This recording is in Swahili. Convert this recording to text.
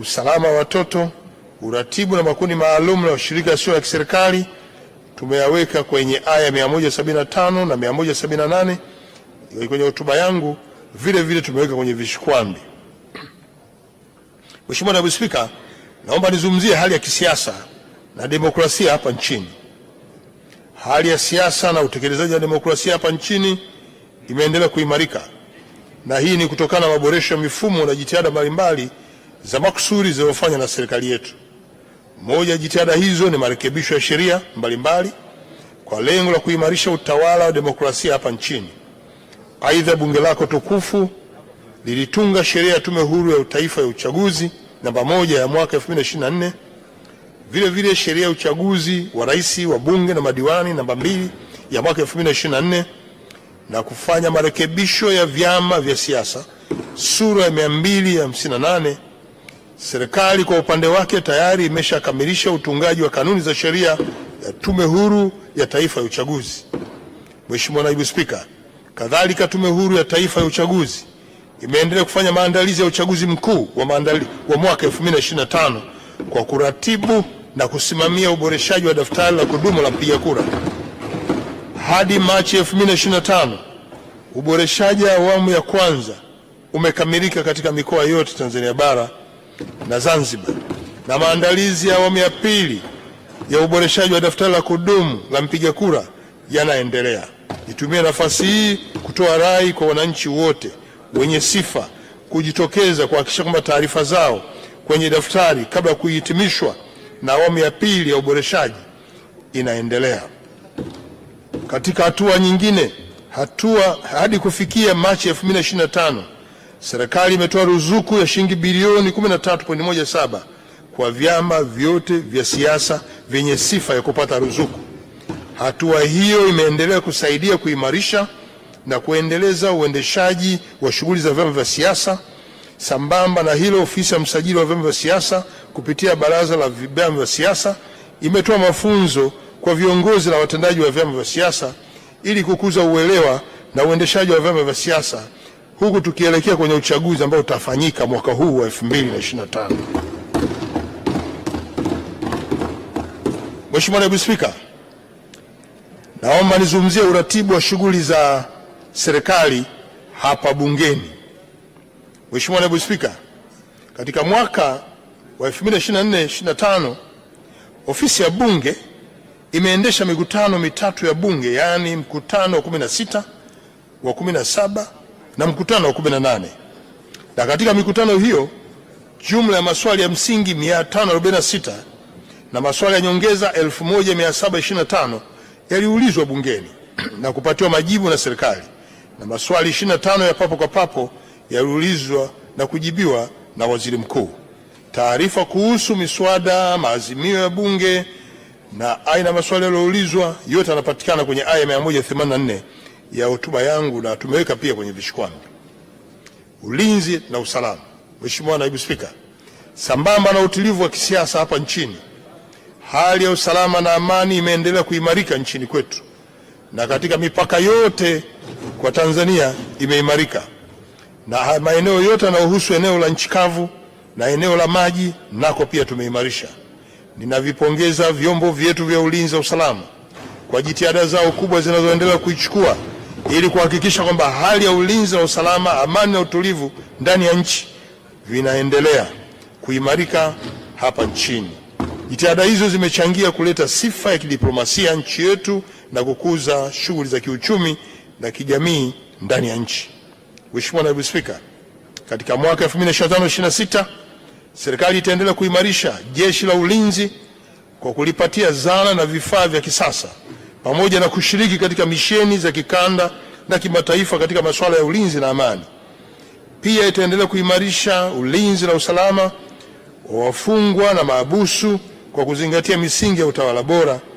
usalama wa watoto, uratibu na makundi maalum na ushirika sio ya kiserikali tumeyaweka kwenye aya 175 na 178 kwenye hotuba yangu, vile vile tumeweka kwenye vishikwambi. Mheshimiwa Naibu Spika, naomba nizungumzie hali ya kisiasa na demokrasia hapa nchini. Hali ya siasa na utekelezaji wa demokrasia hapa nchini imeendelea kuimarika, na hii ni kutokana na maboresho ya mifumo na jitihada mbalimbali za makusudi zilizofanywa na serikali yetu. Moja ya jitihada hizo ni marekebisho ya sheria mbalimbali kwa lengo la kuimarisha utawala wa demokrasia hapa nchini. Aidha, bunge lako tukufu lilitunga sheria ya Tume Huru ya Taifa ya Uchaguzi namba moja ya mwaka 2024. Vile vile sheria ya uchaguzi wa rais wa bunge na madiwani namba mbili ya mwaka 2024 na kufanya marekebisho ya vyama vya siasa sura ya 258 Serikali kwa upande wake tayari imeshakamilisha utungaji wa kanuni za sheria ya Tume Huru ya Taifa ya Uchaguzi. Mheshimiwa Naibu Spika, kadhalika Tume Huru ya Taifa ya Uchaguzi imeendelea kufanya maandalizi ya uchaguzi mkuu wa, wa mwaka 2025 kwa kuratibu na kusimamia uboreshaji wa daftari la kudumu la mpiga kura. Hadi Machi 2025 uboreshaji wa awamu ya kwanza umekamilika katika mikoa yote Tanzania bara na Zanzibar na maandalizi ya awamu ya pili ya uboreshaji wa daftari la kudumu la mpiga kura yanaendelea. Nitumie nafasi hii kutoa rai kwa wananchi wote wenye sifa kujitokeza kuhakikisha kwamba taarifa zao kwenye daftari kabla ya kuhitimishwa na awamu ya pili ya uboreshaji inaendelea. Katika hatua nyingine, hatua hadi kufikia Machi 2025 Serikali imetoa ruzuku ya shilingi bilioni 13.17 kwa vyama vyote vya siasa vyenye sifa ya kupata ruzuku. Hatua hiyo imeendelea kusaidia kuimarisha na kuendeleza uendeshaji wa shughuli za vyama vya siasa. Sambamba na hilo, ofisi ya msajili wa vyama vya siasa kupitia baraza la vyama vya siasa imetoa mafunzo kwa viongozi na watendaji wa vyama vya siasa ili kukuza uelewa na uendeshaji wa vyama vya siasa huku tukielekea kwenye uchaguzi ambao utafanyika mwaka huu wa 2025. Mheshimiwa Naibu Spika, naomba nizungumzie uratibu wa shughuli za serikali hapa Bungeni. Mheshimiwa Naibu Spika, katika mwaka wa 2024/25 ofisi ya Bunge imeendesha mikutano mitatu ya Bunge, yaani mkutano wa 16 wa 17 na mkutano wa 18 na nane na katika mikutano hiyo jumla ya maswali ya msingi 546 na maswali ya nyongeza 1725 yaliulizwa bungeni na kupatiwa majibu na serikali na maswali 25 ya papo kwa papo yaliulizwa na kujibiwa na waziri mkuu. Taarifa kuhusu miswada, maazimio ya bunge na aina ya maswali yaliyoulizwa yote yanapatikana kwenye aya 184 ya hotuba yangu na tumeweka pia kwenye vishikwambi ulinzi na usalama. Mheshimiwa Naibu Spika, sambamba na utulivu wa kisiasa hapa nchini, hali ya usalama na amani imeendelea kuimarika nchini kwetu na katika mipaka yote kwa Tanzania imeimarika na maeneo yote yanayohusu eneo la nchi kavu na eneo la maji nako pia tumeimarisha. Ninavipongeza vyombo vyetu vya ulinzi na usalama kwa jitihada zao kubwa zinazoendelea kuichukua ili kuhakikisha kwamba hali ya ulinzi na usalama, amani na utulivu ndani ya nchi vinaendelea kuimarika hapa nchini. Jitihada hizo zimechangia kuleta sifa ya kidiplomasia nchi yetu na kukuza shughuli za kiuchumi na kijamii ndani ya nchi. Mheshimiwa Naibu Spika, katika mwaka 2025/26 serikali itaendelea kuimarisha jeshi la ulinzi kwa kulipatia zana na vifaa vya kisasa pamoja na kushiriki katika misheni za kikanda na kimataifa katika masuala ya ulinzi na amani. Pia itaendelea kuimarisha ulinzi na usalama wa wafungwa na maabusu kwa kuzingatia misingi ya utawala bora